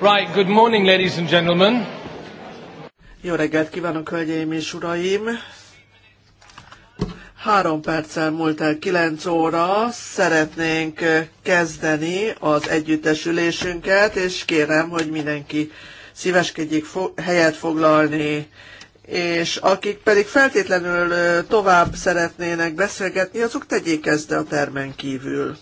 Right, good morning, ladies and gentlemen. Jó reggelt kívánok, hölgyeim és uraim! Három perccel múlt el kilenc óra, szeretnénk eh, kezdeni az együttesülésünket, és kérem, hogy mindenki szíveskedjék fo- helyet foglalni és akik pedig feltétlenül eh, tovább szeretnének beszélgetni, azok tegyék ezt a termen kívül.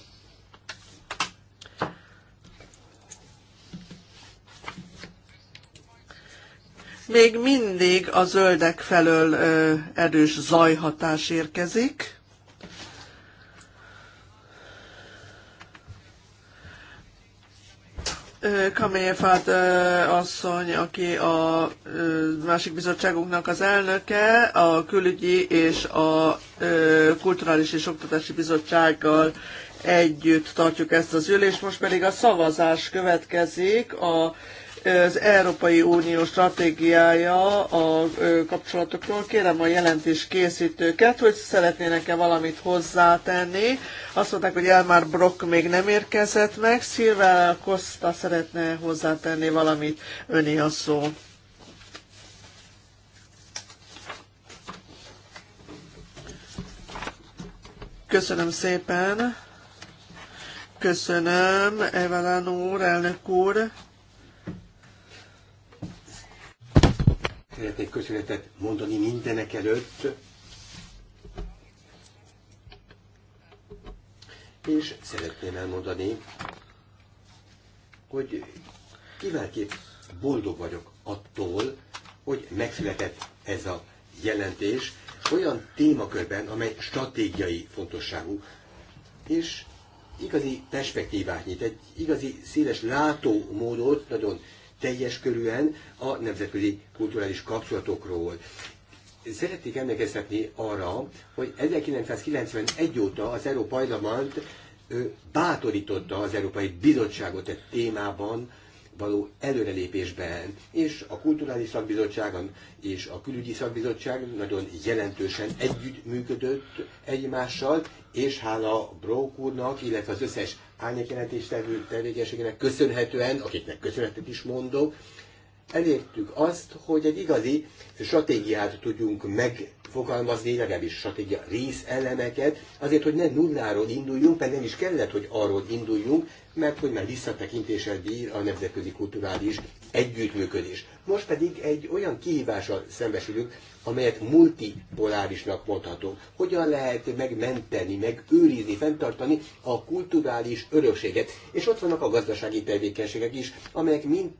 Még mindig a zöldek felől ö, erős zajhatás érkezik. Kamelyefát asszony, aki a másik bizottságunknak az elnöke, a külügyi és a kulturális és oktatási bizottsággal együtt tartjuk ezt az ülést. Most pedig a szavazás következik a az Európai Unió stratégiája a kapcsolatokról. Kérem a jelentés készítőket, hogy szeretnének-e valamit hozzátenni. Azt mondták, hogy Elmar Brock még nem érkezett meg. Szilvá Costa szeretne hozzátenni valamit. Öni a szó. Köszönöm szépen. Köszönöm, Evelyn úr, elnök úr. Szeretnék köszönetet mondani mindenek előtt, és szeretném elmondani, hogy kiválképp boldog vagyok attól, hogy megszületett ez a jelentés olyan témakörben, amely stratégiai fontosságú, és igazi perspektívát nyit, egy igazi széles látómódot, nagyon teljes körűen a nemzetközi kulturális kapcsolatokról. Szeretnék emlékeztetni arra, hogy 1991 óta az Európai Parlament bátorította az Európai Bizottságot egy témában, való előrelépésben, és a Kulturális Szakbizottságon és a Külügyi Szakbizottság nagyon jelentősen együttműködött egymással, és hála a úrnak, illetve az összes árnyékjelentéstevő tevékenységének köszönhetően, akiknek köszönetet is mondok, elértük azt, hogy egy igazi stratégiát tudjunk megfogalmazni, legalábbis stratégia részelemeket, azért, hogy ne nulláról induljunk, mert nem is kellett, hogy arról induljunk, mert hogy már visszatekintéssel bír a nemzetközi kulturális együttműködés. Most pedig egy olyan kihívással szembesülünk, amelyet multipolárisnak mondhatunk. Hogyan lehet megmenteni, megőrizni, fenntartani a kulturális örökséget. És ott vannak a gazdasági tevékenységek is, amelyek mind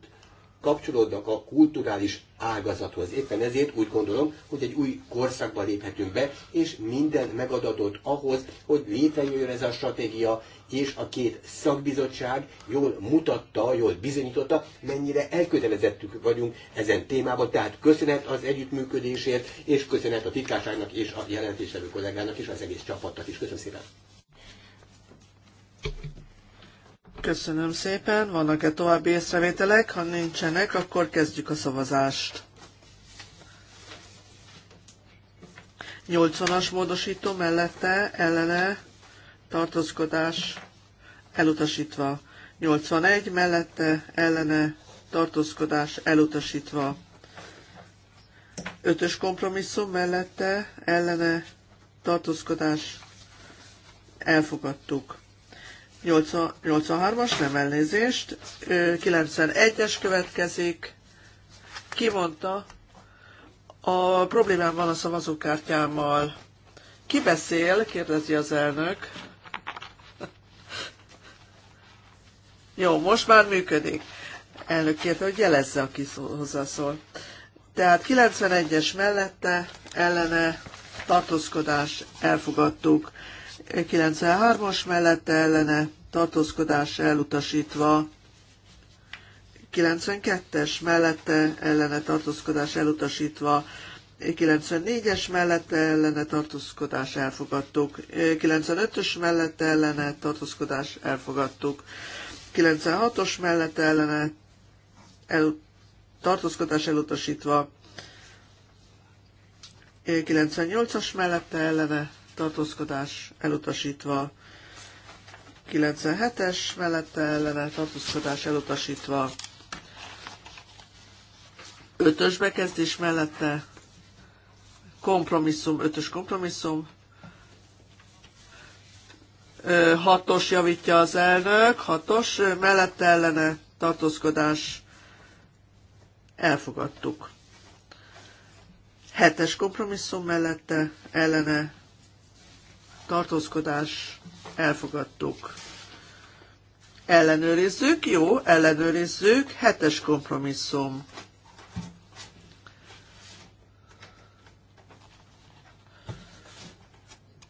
kapcsolódnak a kulturális ágazathoz. Éppen ezért úgy gondolom, hogy egy új korszakba léphetünk be, és minden megadatott ahhoz, hogy létrejöjjön ez a stratégia, és a két szakbizottság jól mutatta, jól bizonyította, mennyire elkötelezettük vagyunk ezen témában, tehát köszönet az együttműködésért, és köszönet a titkárságnak és a jelentéstevő kollégának és az egész csapatnak is. Köszönöm szépen! Köszönöm szépen. Vannak-e további észrevételek? Ha nincsenek, akkor kezdjük a szavazást. 80-as módosító mellette ellene tartózkodás elutasítva. 81 mellette ellene tartózkodás elutasítva. 5-ös kompromisszum mellette ellene tartózkodás elfogadtuk. 83-as, nem elnézést. 91-es következik. Ki mondta? A problémám van a szavazókártyámmal. Ki beszél? kérdezi az elnök. Jó, most már működik. Elnök kérte, hogy jelezze, aki hozzászól. Tehát 91-es mellette ellene tartózkodás elfogadtuk. 93-as mellette ellene tartózkodás elutasítva, 92-es mellette ellene tartózkodás elutasítva, 94-es mellette ellene tartózkodás elfogadtuk, 95-ös mellette ellene tartózkodás elfogadtuk, 96-os mellette ellene el, tartózkodás elutasítva, 98-as mellette ellene tartózkodás elutasítva. 97-es mellette ellene tartózkodás elutasítva. 5-ös bekezdés mellette kompromisszum, 5-ös kompromisszum. 6-os javítja az elnök, 6-os mellette ellene tartózkodás elfogadtuk. Hetes kompromisszum mellette ellene tartózkodás elfogadtuk. Ellenőrizzük, jó, ellenőrizzük, hetes kompromisszum.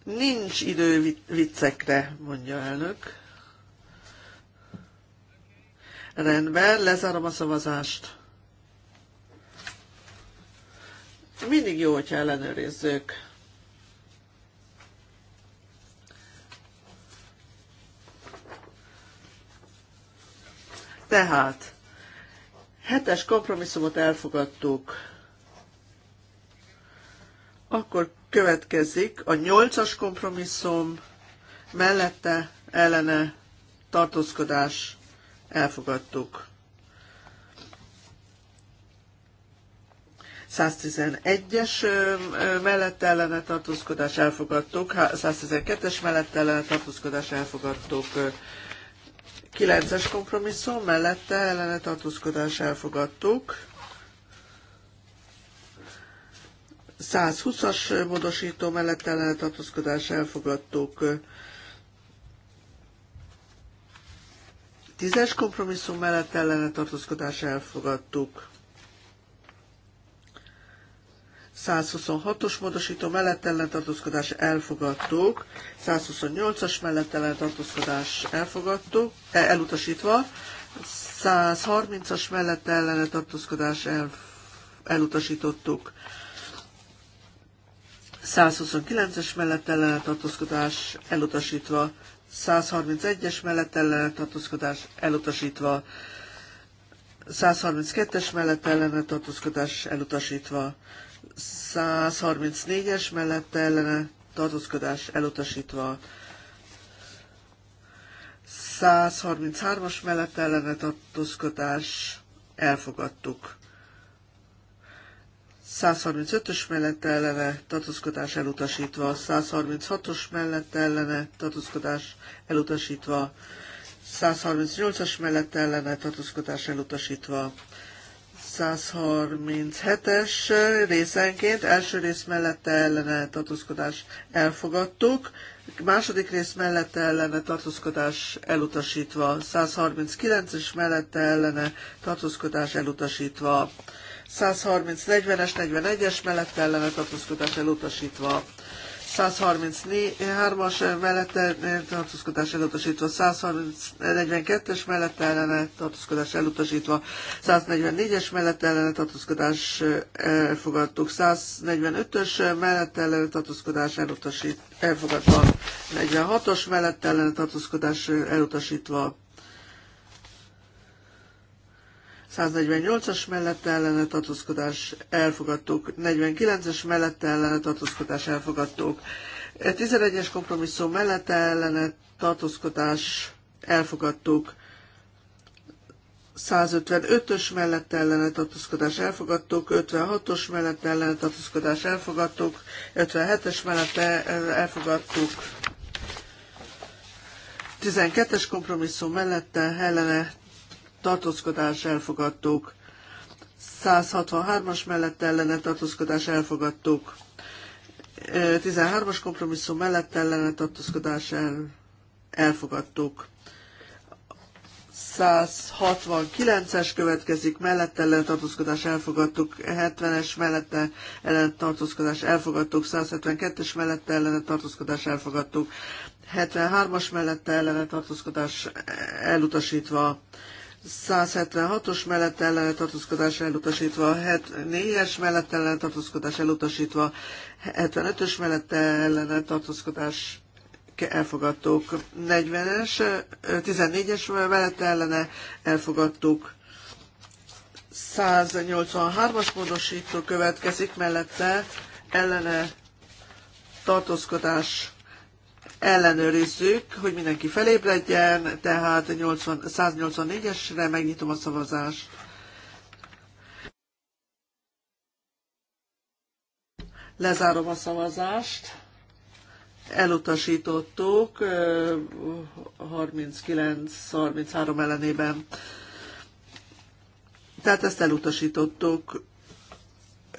Nincs idő viccekre, mondja elnök. Rendben, lezárom a szavazást. Mindig jó, hogyha ellenőrizzük. Tehát, hetes kompromisszumot elfogadtuk. Akkor következik a nyolcas kompromisszum, mellette ellene tartózkodás elfogadtuk. 111-es mellett ellene tartózkodás elfogadtuk, 112-es mellett ellene tartózkodás elfogadtuk, 9-es kompromisszum, mellette ellene tartózkodás elfogadtuk. 120-as módosító mellett ellene tartózkodás elfogadtuk. 10-es kompromisszum mellett ellene tartózkodás elfogadtuk. 126-os módosító mellett ellentartózkodás elfogadtuk, 128-as mellett ellentartózkodás elfogadtuk, e, elutasítva, 130-as mellett ellentartózkodás el, elutasítottuk, 129-es mellett ellentartózkodás elutasítva, 131-es mellett ellentartózkodás elutasítva, 132-es mellett ellene tartózkodás elutasítva. 134-es mellett ellene tartózkodás elutasítva. 133-as mellett ellene tartózkodás elfogadtuk. 135-ös mellett ellene tartózkodás elutasítva, 136-os mellett ellene tartózkodás elutasítva, 138-as mellett ellene tartózkodás elutasítva. 137-es részenként első rész mellette ellene tartózkodás elfogadtuk, második rész mellette ellene tartózkodás elutasítva, 139-es mellette ellene tartózkodás elutasítva, 130-40-es, 41-es mellette ellene tartózkodás elutasítva, 133-as mellette tartózkodás elutasítva, 142-es mellette ellene tartózkodás elutasítva, 144-es mellette ellene tartózkodás elfogadtuk, 145-ös mellette ellene tartózkodás elutasít, elfogadva, 46-os mellette ellene tartózkodás elutasítva, 148-as mellette ellene tartózkodás elfogadtuk, 49-es mellette ellene tartózkodás elfogadtuk, 11-es e, kompromisszum mellette ellene tartózkodás elfogadtuk, 155-ös mellett ellene tartózkodás elfogadtuk, 56-os mellett ellene tartózkodás elfogadtuk, 57-es mellett elfogadtuk, 12-es kompromisszum mellette ellene tartózkodás elfogadtuk. 163-as mellett ellene tartózkodás elfogadtuk. 13-as kompromisszum mellett ellene tartózkodás el, elfogadtuk. 169-es következik, mellette ellentartózkodás elfogadtuk, 70-es mellette ellentartózkodás elfogadtuk, 172-es mellette ellentartózkodás elfogadtuk, 73-as mellette ellentartózkodás elutasítva, 176-os mellett ellen tartózkodás elutasítva, 74 es mellett ellen tartózkodás elutasítva, 75-ös mellett ellen tartózkodás elfogadtuk, 40-es, 14-es mellett ellene elfogadtuk, 183-as módosító következik mellette ellene tartózkodás ellenőrizzük, hogy mindenki felébredjen, tehát 184-esre megnyitom a szavazást. Lezárom a szavazást. Elutasítottuk 39-33 ellenében. Tehát ezt elutasítottuk.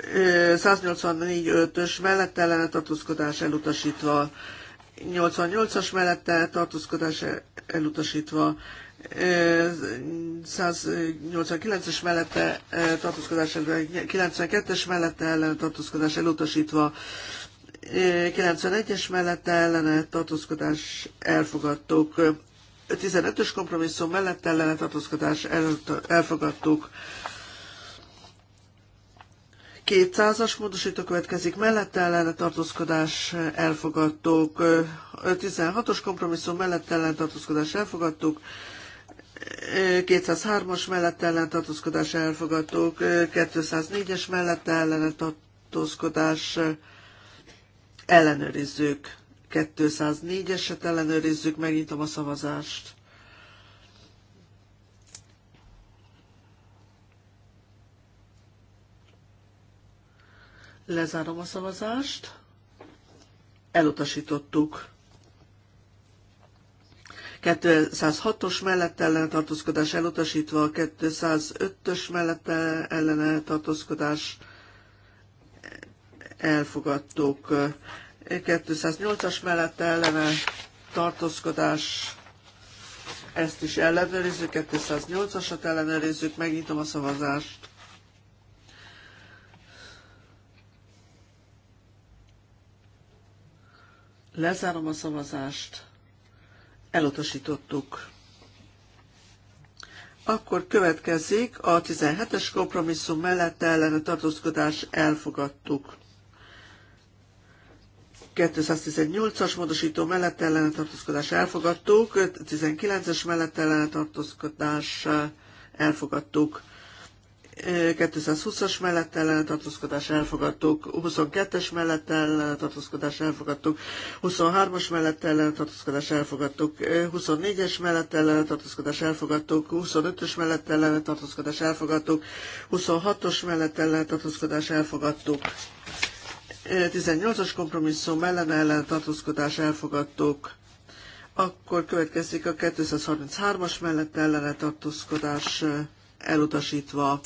184-5-ös mellett ellene tartózkodás elutasítva. 88-as mellette tartózkodás elutasítva, 189-es mellette tartózkodás, 92-es mellette ellen tartózkodás elutasítva, 91-es mellette ellene tartózkodás elfogadtuk, 15-ös kompromisszum mellett ellene tartózkodás elfogadtuk, 200-as módosító következik, mellette ellene tartózkodás elfogadtuk, 16-os kompromisszum mellette ellen tartózkodás elfogadtuk, 203-as mellette ellen tartózkodás elfogadtuk, 204-es mellette ellen tartózkodás ellenőrizzük. 204-eset ellenőrizzük, megnyitom a szavazást. Lezárom a szavazást. Elutasítottuk. 206-os mellett ellene tartózkodás elutasítva, 205-ös mellette ellene tartózkodás elfogadtuk. 208-as mellette ellene tartózkodás ezt is ellenőrizzük, 208-asat ellenőrizzük, megnyitom a szavazást. Lezárom a szavazást. Elutasítottuk. Akkor következik a 17-es kompromisszum mellett ellene tartózkodás elfogadtuk. 218-as módosító mellett ellene tartózkodás elfogadtuk, 19-es mellett ellene tartózkodás eh, elfogadtuk. 220-as mellett ellene tartózkodás elfogadtuk, 22-es mellett ellene tartózkodás elfogadtuk, 23-as mellett ellene tartózkodás elfogadtuk, 24-es mellett ellene tartózkodás elfogadtuk, 25-ös mellett ellene tartózkodás elfogadtuk, 26-os mellett ellene tartózkodás elfogadtuk. 18-as kompromisszum ellen ellen tartózkodás elfogadtuk. Akkor következik a 233-as mellett ellene tartózkodás eh, elutasítva.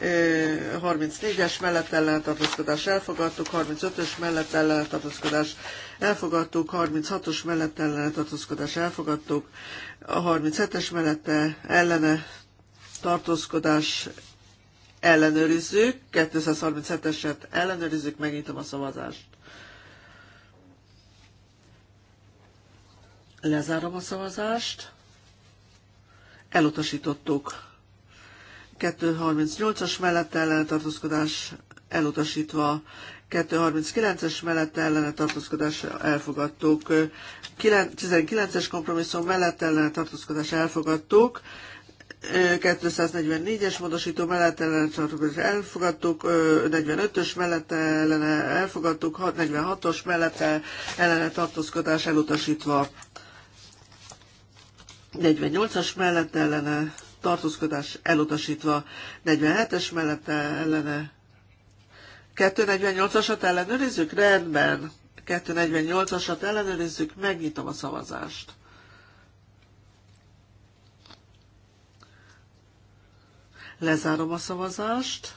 34-es mellett ellentartózkodás elfogadtuk, 35-ös mellett ellentartózkodás elfogadtuk, 36-os mellett ellentartózkodás elfogadtuk, a 37-es mellette ellene tartózkodás ellenőrizzük, 237-eset ellenőrizzük, megnyitom a szavazást. Lezárom a szavazást. Elutasítottuk. 238-as mellett ellene tartózkodás elutasítva, 239-es mellett ellene tartózkodás elfogadtuk, 19-es kompromisszum mellett ellene tartózkodás elfogadtuk, 244-es módosító mellett ellene tartózkodás elfogadtuk, 45-ös mellett ellene elfogadtuk, 46-os mellett ellene tartózkodás elutasítva, 48-as mellett ellene tartózkodás elutasítva. 47-es mellette ellene. 248-asat ellenőrizzük? Rendben. 248-asat ellenőrizzük, megnyitom a szavazást. Lezárom a szavazást.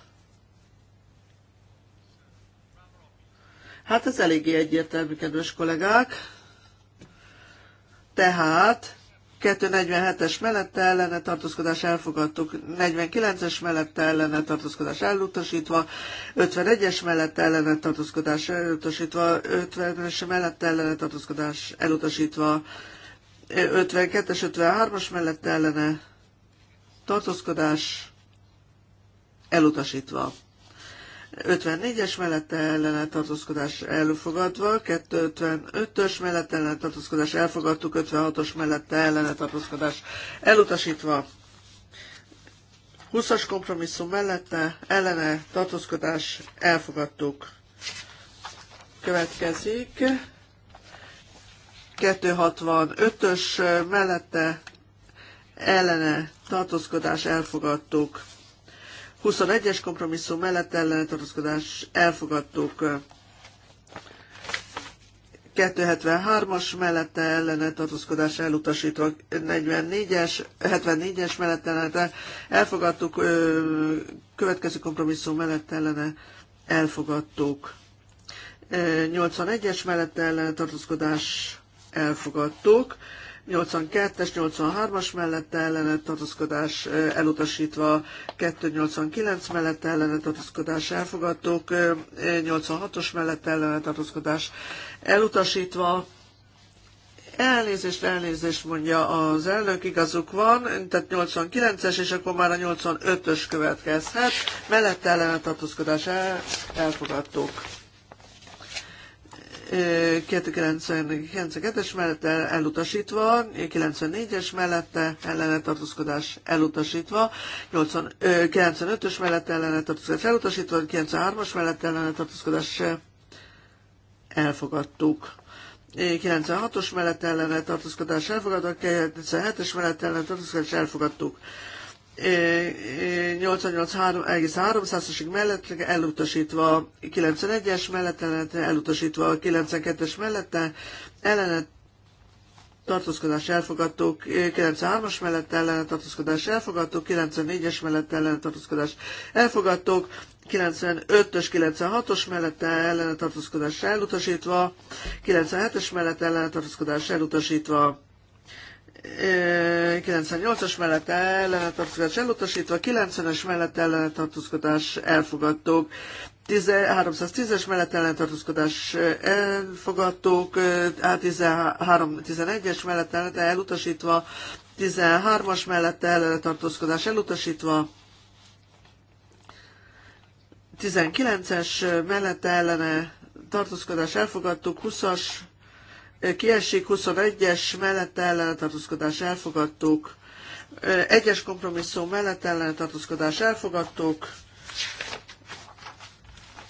Hát ez eléggé egyértelmű, kedves kollégák. Tehát 247-es mellette ellene tartózkodás elfogadtuk, 49-es mellette ellene tartózkodás elutasítva, 51-es mellette ellene tartózkodás elutasítva, 50-es mellette ellene tartózkodás elutasítva, 52-es, 53-as mellette ellene tartózkodás elutasítva. 54-es mellette ellene tartózkodás elfogadva, 255-ös mellette ellene tartózkodás elfogadtuk, 56-os mellette ellene tartózkodás elutasítva. 20-as kompromisszum mellette ellene tartózkodás elfogadtuk. Következik 265-ös mellette ellene tartózkodás elfogadtuk. 21-es kompromisszum mellett ellenetartozkodás elfogadtuk. 273-as mellette ellene tartózkodás elutasítva, 44-es, 74-es mellette ellene elfogadtuk, következő kompromisszum mellett ellene elfogadtuk. 81-es mellette ellene tartózkodás elfogadtuk. 82-es, 83-as mellette ellene tartozkodás elutasítva, 289 mellette ellene tartozkodás elfogadtuk, 86-os mellette ellene tartozkodás elutasítva, Elnézést, elnézést mondja az elnök, igazuk van, tehát 89-es, és akkor már a 85-ös következhet. Mellette ellene tartózkodás el, elfogadtuk. 292-es mellette elutasítva, 94-es mellette ellene tartózkodás elutasítva, 95-ös mellette ellene tartózkodás elutasítva, 93-as mellette ellene tartózkodás elfogadtuk. 96-os mellett ellene tartózkodás elfogadva, 97-es mellett ellene tartózkodás elfogadtuk. 88,3%-ig mellette elutasítva 91-es mellette, elutasítva 92-es mellette, ellenet tartózkodás elfogadtuk, 93-as mellett ellenet tartózkodás elfogadtuk, 94-es mellett ellenet tartózkodás elfogadtuk, 95-ös, 96-os mellette ellenet tartózkodás elutasítva, 97-es mellett ellenet tartózkodás elutasítva, 98-as mellett ellenetartózkodás elutasítva, 90-es mellett ellenetartózkodás elfogadtók, 310-es mellett ellentartózkodás elfogadtók, 11 es mellett elutasítva, 13-as mellett ellentartózkodás elutasítva, 19-es eh, eh, mellett ellene tartózkodás elfogadtuk, 20-as kiesik, 21-es mellette ellenetartózkodás elfogadtuk, egyes kompromisszum mellett ellenetartózkodás elfogadtuk,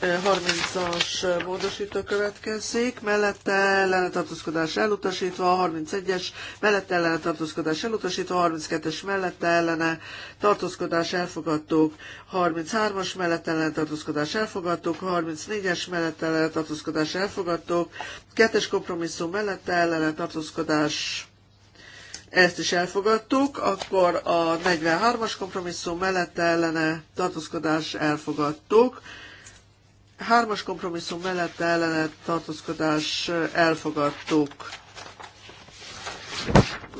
30-as 31 módosító következik, mellette ellenetartózkodás elutasítva, a 31-es mellette ellenetartózkodás elutasítva, a 32-es mellette ellene tartózkodás elfogadtuk, 33-as mellette ellenetartózkodás elfogadtók, elfogadtuk, 34-es mellette ellenetartózkodás elfogadtók, elfogadtuk, 2-es kompromisszum mellette ellenetartózkodás ezt is elfogadtuk, akkor a 43-as kompromisszum mellette ellene tartózkodás elfogadtuk, Hármas kompromisszum mellett ellenet tartózkodás elfogadtuk.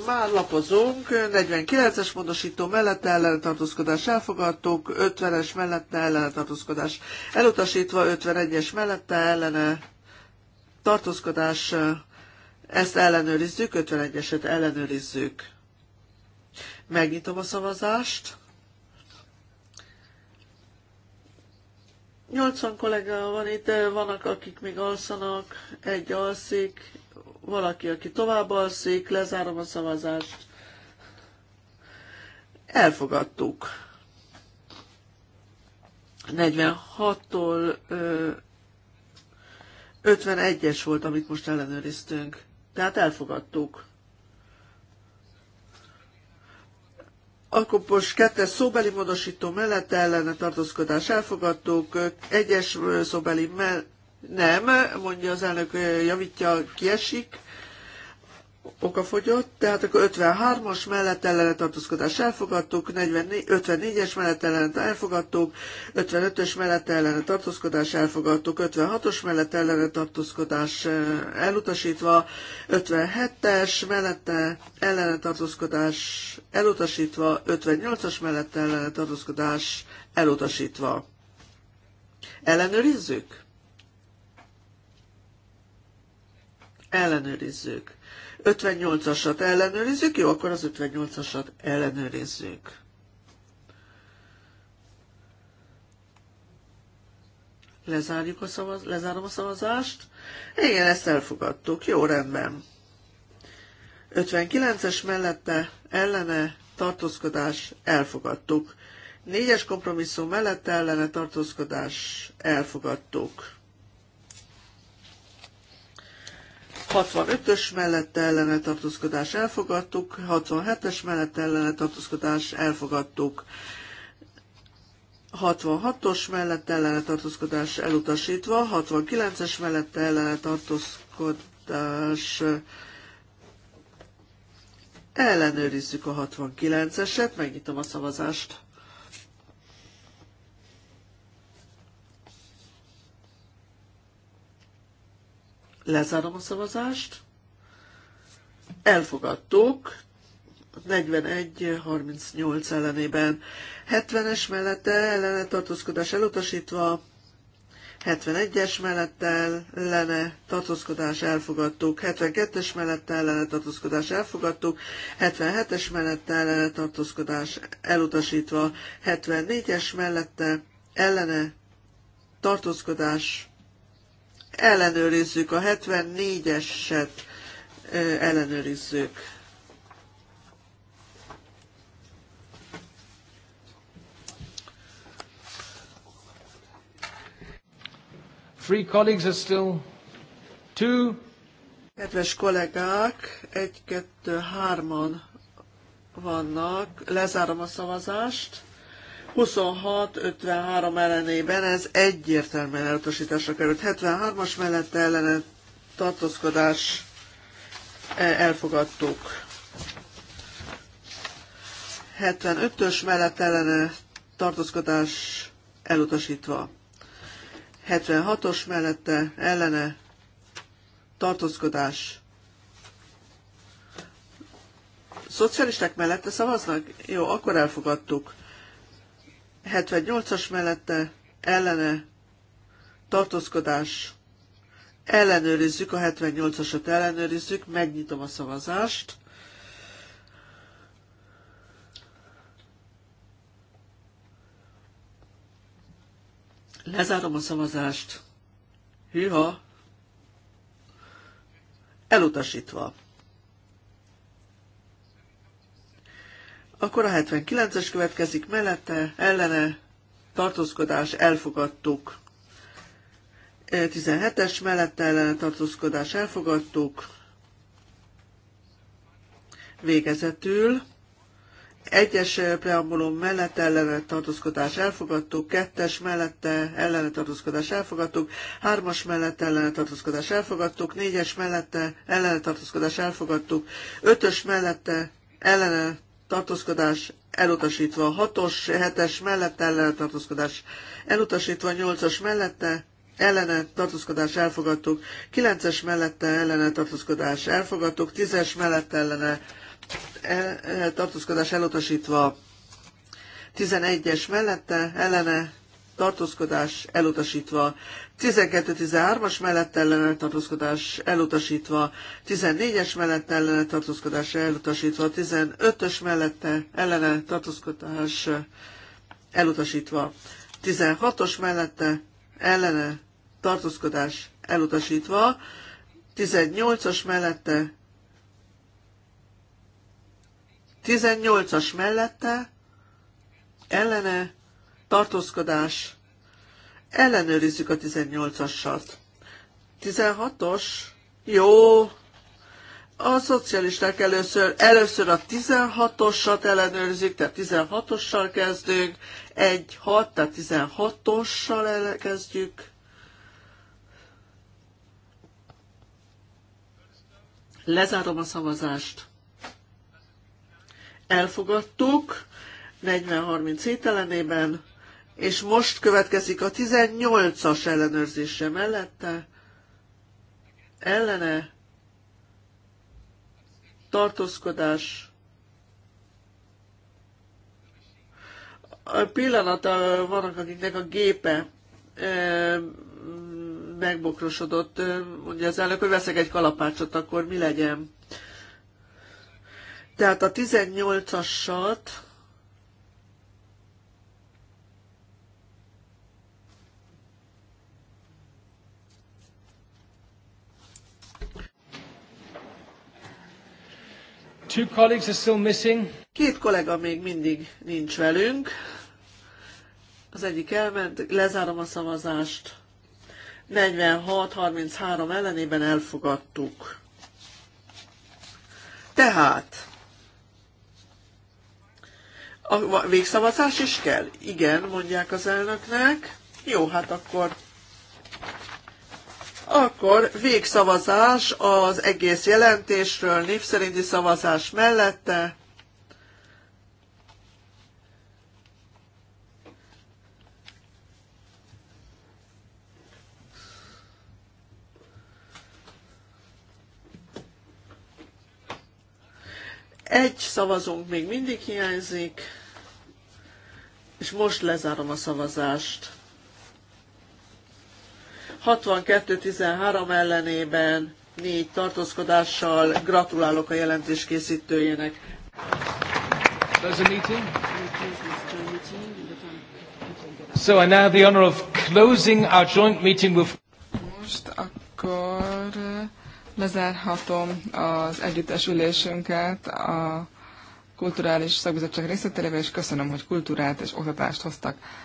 Már lapozunk, 49-es módosító mellette ellentartózkodás elfogadtuk, 50-es mellette ellentartózkodás elutasítva, 51-es mellette ellene tartózkodás, ezt ellenőrizzük, 51-eset ellenőrizzük. Megnyitom a szavazást. 80 kollega van itt, vannak, akik még alszanak, egy alszik, valaki, aki tovább alszik, lezárom a szavazást. Elfogadtuk. 46-tól 51-es volt, amit most ellenőriztünk. Tehát elfogadtuk. Akkor most kettes szóbeli módosító mellett ellene tartózkodás elfogadtuk, egyes szóbeli mell- nem, mondja az elnök, javítja, kiesik okafogyott, tehát akkor 53-as mellett ellene elfogadtuk, 54-es mellett ellenet elfogadtuk, 55-ös mellett ellene elfogadtuk, 56-os mellett ellene eh, elutasítva, 57-es mellette ellene elutasítva, 58-as mellett ellene elutasítva. Ellenőrizzük? Ellenőrizzük. 58-asat ellenőrizzük, jó, akkor az 58-asat ellenőrizzük. Lezárjuk a szavaz, lezárom a szavazást. Igen, ezt elfogadtuk. Jó, rendben. 59-es mellette ellene tartózkodás elfogadtuk. 4-es kompromisszum mellette ellene tartózkodás elfogadtuk. 65-ös mellette ellene tartózkodás elfogadtuk, 67-es mellette ellene tartózkodás elfogadtuk, 66-os mellette ellene tartózkodás elutasítva, 69-es mellette ellene tartózkodás ellenőrizzük a 69-eset, megnyitom a szavazást. Lezárom a szavazást. Elfogadtuk. 41-38 ellenében. 70-es mellette ellene tartózkodás elutasítva. 71-es mellette ellene tartózkodás elfogadtuk, 72-es mellette ellene tartózkodás elfogadtuk, 77-es mellette ellene tartózkodás elutasítva, 74-es mellette ellene tartózkodás ellenőrizzük, a 74-eset ellenőrizzük. Three colleagues are still two. Kedves kollégák, egy, kettő, hárman vannak. Lezárom a szavazást. 26-53 ellenében ez egyértelműen elutasításra került. 73-as mellette ellene tartózkodás e, elfogadtuk. 75-ös mellett ellene tartózkodás elutasítva. 76-os mellette ellene tartózkodás. Szocialisták mellette szavaznak? Jó, akkor elfogadtuk. 78-as mellette ellene tartózkodás. Ellenőrizzük, a 78-asat ellenőrizzük, megnyitom a szavazást. Lezárom a szavazást. Hűha! Elutasítva. Akkor a 79-es következik mellette, ellene, tartózkodás, elfogadtuk. 17-es mellette ellene tartózkodás elfogadtuk. Végezetül. Egyes preambulum mellett ellene tartózkodás elfogadtuk, kettes mellette ellene tartózkodás elfogadtuk, hármas mellette ellene tartózkodás elfogadtuk, négyes mellette ellene tartózkodás elfogadtuk, ötös mellette ellene tartózkodás elutasítva, 6-os, 7-es mellette ellene tartózkodás elutasítva, 8-as mellette ellene tartózkodás elfogadtuk, 9-es mellette ellene tartózkodás elfogadtuk, 10-es mellette ellene e, e, tartózkodás elutasítva, 11-es mellette ellene tartózkodás elutasítva, 12-13-as mellett ellene tartózkodás elutasítva, 14-es mellett ellene tartózkodás elutasítva, 15-ös mellette ellene tartózkodás elutasítva, 16-os mellette ellene tartózkodás elutasítva, 18-as mellette 18-as mellette ellene tartózkodás, ellenőrizzük a 18-asat. 16-os, jó, a szocialisták először, először a 16-osat ellenőrzik, tehát 16-ossal kezdünk, 1-6, tehát 16-ossal elkezdjük. Lezárom a szavazást. Elfogadtuk, 40-37 ellenében, és most következik a 18-as ellenőrzése mellette. Ellene. Tartózkodás. A pillanat vannak, akiknek a gépe megbokrosodott, mondja az elnök, hogy veszek egy kalapácsot, akkor mi legyen. Tehát a 18-asat Two colleagues are still missing. Két kollega még mindig nincs velünk. Az egyik elment, lezárom a szavazást. 46-33 ellenében elfogadtuk. Tehát, a végszavazás is kell? Igen, mondják az elnöknek. Jó, hát akkor akkor végszavazás az egész jelentésről, név szerinti szavazás mellette. Egy szavazónk még mindig hiányzik, és most lezárom a szavazást. 62-13 ellenében négy tartózkodással gratulálok a jelentés készítőjének. So I now the honor of closing our joint meeting with... Most akkor eh, lezárhatom az együttes ülésünket a kulturális szakbizottság részletelével, és köszönöm, hogy kultúrát és oktatást hoztak